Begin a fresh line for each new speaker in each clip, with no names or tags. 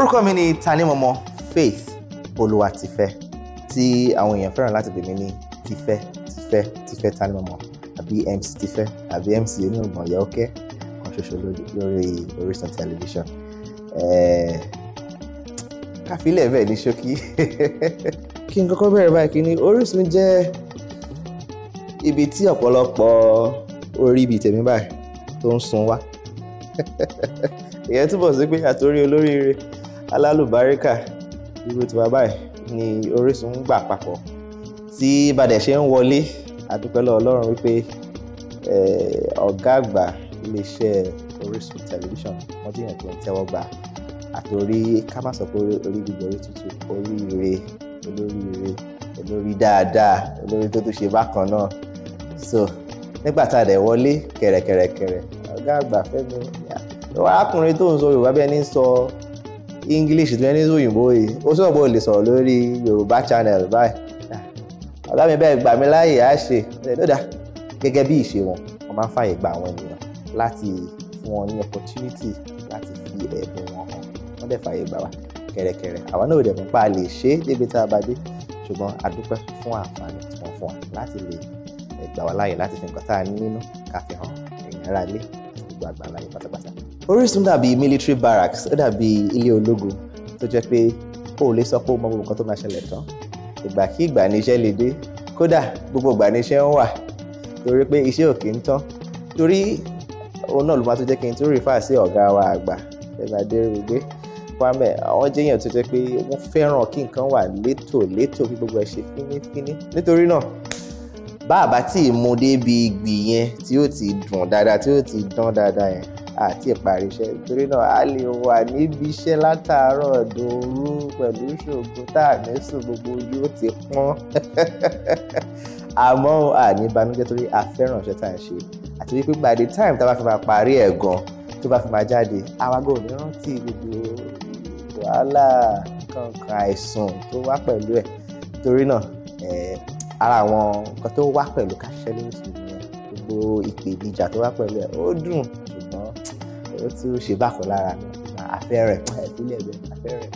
orúkọ mi ni tanímọ̀mọ́ faith olúwatifẹ́ tí àwọn èèyàn fẹ́ràn láti pè mí ní tifẹ́ tifẹ́ tifẹ́ tanímọ̀mọ́ àbí mc tifẹ́ àbí mc onígbọ̀n yẹ ọkẹ́ kan ṣoṣo lórí orísun tẹlifíṣàn kàfílẹ̀ bẹ́ẹ̀ ní ṣókí kí n kọ́kọ́ bẹ̀rẹ̀ báyìí kí ni orísun jẹ́ ibi tí ọ̀pọ̀lọpọ̀ orí ibi tèmi báyìí tó ń sun wá ìyẹn túbọ̀ sí pé àtòrí olóríire alálùbáríkà irú ti bàbá ẹ̀ ni Orísun ń gbà papọ̀ tí bàdẹ̀ ṣe ń wọlé àdúpẹ́lọ́ ọlọ́run wípé ọ̀gá àgbà iléeṣẹ́ Orísun tẹlifíṣàn wọ́n jìyàn tó ń tẹ́wọ́ gbà àti orí ká má sọ pé orí gbígbẹ orí tútù oríire olóríire olórí dáadáa olórí tó tún ṣe bákan náà so nígbà tá a dẹ̀ wọlé kẹ̀rẹ̀kẹ̀rẹ̀kẹ̀rẹ̀ ọ̀gá àgbà Fẹ́mi arákùnrin tó ń sọ Yorùbá bẹ́ẹ̀ ní sọ english lẹ́ni òyìnbó yìí ó sọ̀rọ̀ bó lè sọ̀rọ̀ lórí yorùbá channel báyìí ọ̀gá mi bẹ́ẹ̀ gbà mí láàyè á ṣe lọ́dà gẹ́gẹ́ bí ìṣe wọn wọ́n máa ń fààyè gba àwọn ènìyàn láti fún wọn ní opportunity láti fi ẹ̀bùn wọn hàn wọ́n dẹ̀ fààyè gbà wá kẹ̀rẹ̀kẹ̀rẹ̀ àwa náà ò dẹ̀ mọ̀ pa lè ṣe débi tá a bá dé ṣùgbọ́n a dúpẹ́ fún àǹfààní tí wọ́n fún wa láti lè gbà wá láàyè láti fi nǹkan tá a ní nínú ká fi hàn èèyàn ara lé gbogbo àgbà láàyè pátápátá Orísun dàbí military barracks ó dàbí ilé ológun tó jẹ́ pé o ò lè sọ pé o mọ gbogbo nǹkan tó máa ṣẹlẹ̀ tán ìgbàkígbà níṣẹ́ lè dé kódà gbogbo ìgbà níṣẹ́ ń wà torí pé iṣẹ́ ò kì í tán torí òun náà ló máa tó jẹ́ kí n tó rìfà sí ọ̀gá wa àgbà ẹ̀gbà Adérògbé Kwame àwọn jẹ́yàn tó jẹ́ pé wọ́n fẹ́ràn kí nǹkan wà létòlétò kí gbogbo ẹ̀ ṣe fínífíní nítorí náà bá àbá tí ì mú débi ìgbì yẹn tí ó ti dùn dáadáa tí ó ti dán dáadáa yẹn àti ìparí iṣẹ́ torí náà a lè wà níbi iṣẹ́ látàárọ̀ dòru pẹ̀lú ṣògo tá à ní sùn gbogbo ojú ó ti pọ́n àmọ́ àní banújẹ́ torí a fẹ́ràn iṣẹ́ tá à ń ṣe àti wípé by the time tá a bá fi máa parí ẹ̀ gan tó bá fi máa jáde àwa gan ò ní rántí gbogbo wàhálà kankan àìsàn tó wá pẹ̀lú ẹ̀ torí náà ara àwọn nǹkan tó wá pẹ̀lú káṣẹ́ lóṣù yẹn gbogbo ìpèníjà tó wá pẹ̀lú ẹ̀ ó dùn ó tún ṣe bákan lára mi àfẹ́ rẹ̀ ìpínlẹ̀ rẹ̀ àfẹ́ rẹ̀.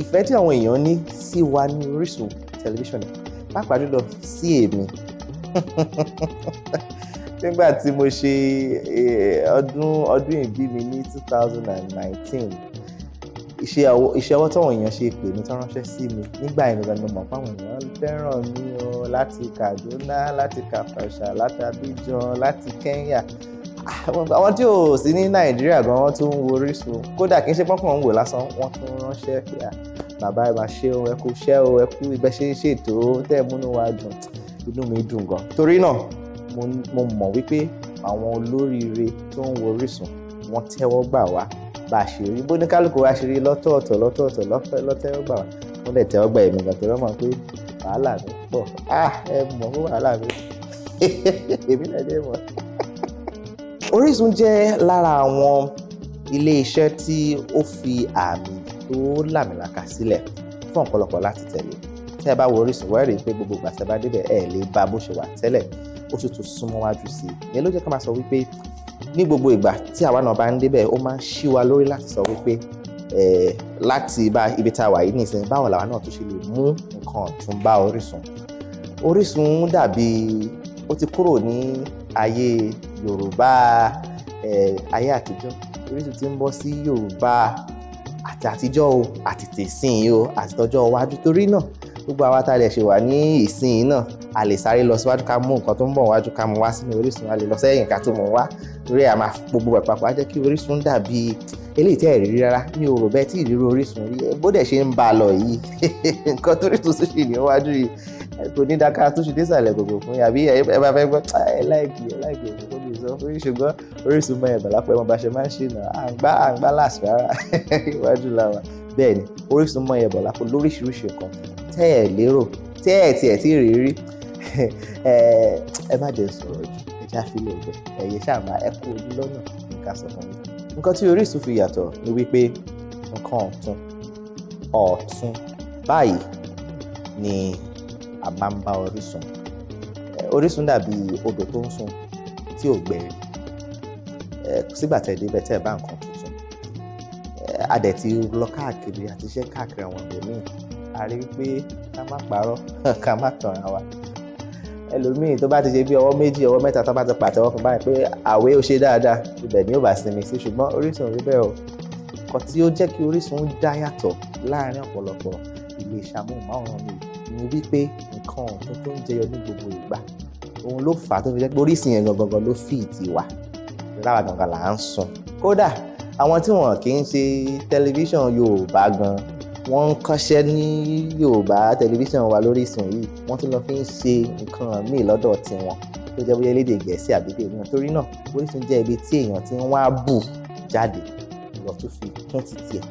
ìfẹ́ tí àwọn èèyàn ní sí wa ní Orísun tẹlifíṣàn pàápàá jùlọ sí èmi nígbà tí mo ṣe e, ọdún ọdún ìbí mi ní two thousand and nineteen iṣẹ́ ọwọ́ táwọn èèyàn ṣe pè mí tó ránṣẹ́ sí mi nígbà yẹn gangan ni mo mọ̀ fáwọn èèyàn fẹ́ràn mi o láti Kaduna láti Kàfàṣà láti Abidjan láti Kenya àwọn tí ò sí ní nàìjíríà gan wọn tún ń wo Orísun kódà kì í ṣe pọ́npọ́n ń wò lásán wọ́n tún ránṣẹ́ pé bàbá ẹ̀ máa ṣe o ẹ kú ṣẹ́ o ẹ kú ibẹ̀ ṣe ń ṣètò tẹ́ ẹ múnú wa dùn inú mi dùn gan torí náà mo mọ̀ wípé àwọn olóríire tó ń wo Orísun wọ́n tẹ́wọ́ gbà wá bá a ṣe rí bó ní kálukú wa ṣe rí lọ́tọ̀ọ̀tọ̀ lọ́tọ̀ọ̀tọ̀ lọ́tẹ́wọ́ gbà wá wọ́n lè tẹ́wọ́ gbà èmi gbàtẹ́ wọ́n mọ̀ pé wàhálà ah ẹ mọ̀ pé wàhálà mi èmi náà dé Orísun jẹ́ lára àwọn ilé-iṣẹ́ tí ó fi àmì tó làmìlaka sílẹ̀ fún ọ̀pọ̀lọpọ̀ láti tẹ̀lé tẹ́ ẹ bá wo Orísun wẹ́ẹ̀ rí i pé gbogbo ìgbà tẹ́ bá débẹ̀ ẹ̀ lè bá bó ṣe wà tẹ́lẹ̀ ó sì tún súnmọ́ wájú sí i ìyẹn ló jẹ́ ká máa sọ wípé ní gbogbo ìgbà tí àwa náà bá ń débẹ̀ ó máa ń ṣí wa lórí láti sọ wípé láti ibi tá a wà yìí nìsín báwo làwa náà tó ṣe lè mú nǹkan ọ̀tun bá Orísun Orísun dàbí ó ti kúrò ní ayé yorùbá ayé àtijọ́ Orísun ti ń bọ́ sí yorùbá àti àtijọ́ o àti tèsín o àti tọjọ́ iwájú torí náà gbogbo àwa tá a lè ṣe wà ní ìsìn náà a lè sáré lọ síwájú ká mú nǹkan tó ń bọ̀ wájú ká mú wá sínú Orísun a lè lọ sẹ́yìn ká tó mú wá torí àmà gbogbo ẹ̀ papọ̀ jẹ́ kí Orísun dàbí eléyìí tẹ́ ẹ̀ rírí rárá mi ò bẹ́ẹ̀ tí ìrírí Orísun rí bódẹ̀ ṣe ń ba lọ yìí nǹkan torí tó ṣe ní iwájú yìí kò ní dáká tó ṣe désàlẹ̀ gbogbo fún yàbí ẹ bá fẹ́ gbọ́ ẹ láìpẹ́ ẹ láìpẹ́ sọ pé ṣùgbọ́n Orísun mọ ẹ̀bà lápò ẹ̀mọ bá ṣe máa ń ṣìnà à ń gbá à ń gbá láàsì rárá iwájú làwà bẹ́ẹ̀ ni Orísun mọ ẹ̀bà lápò lóríṣiríṣi nǹkan tẹ́ ẹ̀ lérò tẹ́ ẹ̀ tiẹ̀ tí rí rí ẹ má jẹ́ sọ̀rọ̀ jù ẹ já fi lè gbẹ ẹ̀yẹ ṣàmà ẹ kú ojú lọ́nà nǹkan sọ fún mi nǹkan tí Orísun fi yàtọ̀ ni wípé nǹkan ọ̀tun ọ̀tun báyìí ni a ń bá Orísun Orísun dàbí odò tó ń sun tí ò gbẹ̀rẹ̀ sígbà tẹ̀ débẹ̀ tẹ̀ bá nǹkan tuntun adẹ̀ ti lọ káàkiri àti iṣẹ́ káàkiri àwọn ẹlòmíì a rí pé ká má parọ́ ká má tàn án wa ẹlòmíì tó bá ti ṣe bí ọwọ́ méjì ọwọ́ mẹ́ta tó bá ti pàtẹ́wọ́ fún báyìí pé àwẹ̀ ò ṣe dáadáa ibẹ̀ ni ó bá sinmi sí ṣùgbọ́n Orísun rí bẹ́ẹ̀ o kan tí ó jẹ́ kí Orísun dá yàtọ̀ láàrin ọ̀pọ̀lọpọ̀ ilé ìṣàmúhùnmáwòrán mi ni wípé nǹkan ọ̀tún tó ń jẹyọ ní gbogbo ìgbà òun ló fà á tó fi jẹ́ pé orísun yẹn gangan ló fi ìtì wà láwa gangan là ń sun kódà àwọn tí wọn kì í ṣe tẹlifíṣàn Yorùbá gan wọ́n ń kọ́ṣẹ́ ní Yorùbá tẹlifíṣàn wa lórí Orísun yìí wọ́n tún lọ fi ń ṣe nǹkan míì lọ́dọ̀ tiwọn tó jẹ́ bóyá elédè Gẹ̀ẹ́sì àbídè náà torí náà Orísun jẹ́ ibi tí èèyàn ti ń wá bù jáde lọ tó fi kún títí ẹ̀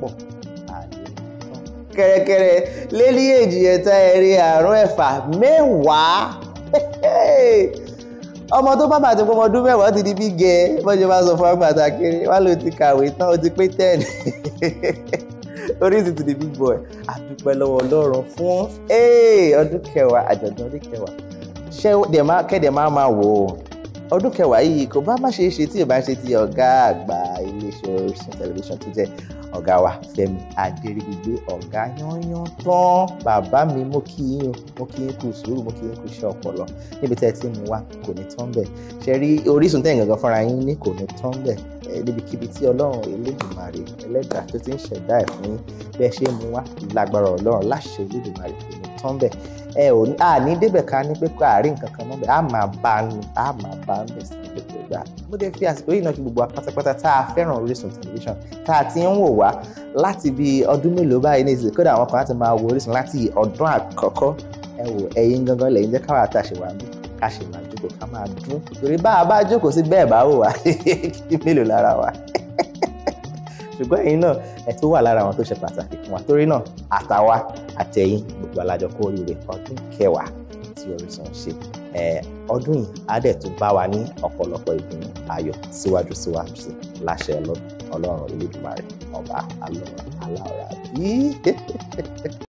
púpọ̀ kẹ̀rẹ̀kẹ̀rẹ̀ lé ní èjì ẹ̀ta ẹ̀rin àrún ẹ̀fà mẹ́wàá ọmọ tó bá bàtí pọmọ ọdún mẹ́wàá ti di bí gẹ bọ́jú bá sọ fún agbàtà kiri wá ló ti kàwé tán ó ti pé ten Orísun ti di big boy àdúpẹ́ lọ́wọ́ Ọlọ́run fún ọdún kẹwàá àjọ̀dún ọdún kẹwàá ṣé kẹ́dẹ̀ máa máa wò ó ọdún kẹwàá yìí kò bá má ṣe é ṣe tí ì bá ṣe ti ọ̀gá àgbà iléeṣẹ́ Orísun tẹlifíṣàn tó jẹ́ ọ̀gá wa Fẹ́mi Adéríbigbé ọ̀gá yányán tán bàbá mi mo kí yín mo kí yín kú sùúrù mo kí yín kú iṣẹ́ ọpọlọ níbi tẹ́ ẹ ti mú wa kò ní tán bẹ́ẹ̀ ṣe rí orísun tẹ́yìn gangan fúnra yín ní kò ní tán bẹ́ẹ̀ níbikíbi tí ọlọ́run elédùnmarè ẹlẹ́dàá tó ti ń ṣẹ̀dá ẹ̀ fún yín bẹ́ẹ̀ ṣe mú wá lágbára ọlọ́run láṣẹ elédùnmarè kò ní tán bẹ́ẹ̀ ẹ ò ní débẹ̀ ká ní pé gbà mo dẹ̀ fi àsìkò yìí náà kí gbogbo wa pátápátá tá a fẹ́ràn Orísun tẹlifíṣàn tá a ti ń wò wá láti bí ọdún mélòó báyìí ní ìsìn kódà àwọn kan láti máa wo Orísun láti ọdún àkọ́kọ́ ẹ wò ẹ̀yin gangan lẹ́yìn jẹ́ káwá tá a ṣe wà ní ká ṣe máa jókòó ká máa dún torí bá a bá jókòó sí bẹ́ẹ̀ bá wò wá kí mélòó lára wa ṣùgbọ́n ẹ̀yin náà ẹ̀ tó wà lára àwọn tó ṣe pàtàkì fún wa torí náà àtàwa àtẹ̀yìn gbogbo alájọkọ́ oríire ọdún kẹwàá tí Orísun ṣe ọdún yìí á dẹ̀ tún bá wa ní ọ̀pọ̀lọpọ̀ ìdùnnú ayọ̀ síwájú síwájú sí láṣẹ ọlọ́run Olódùmarè ọba alọ́run aláọ̀rá yìí.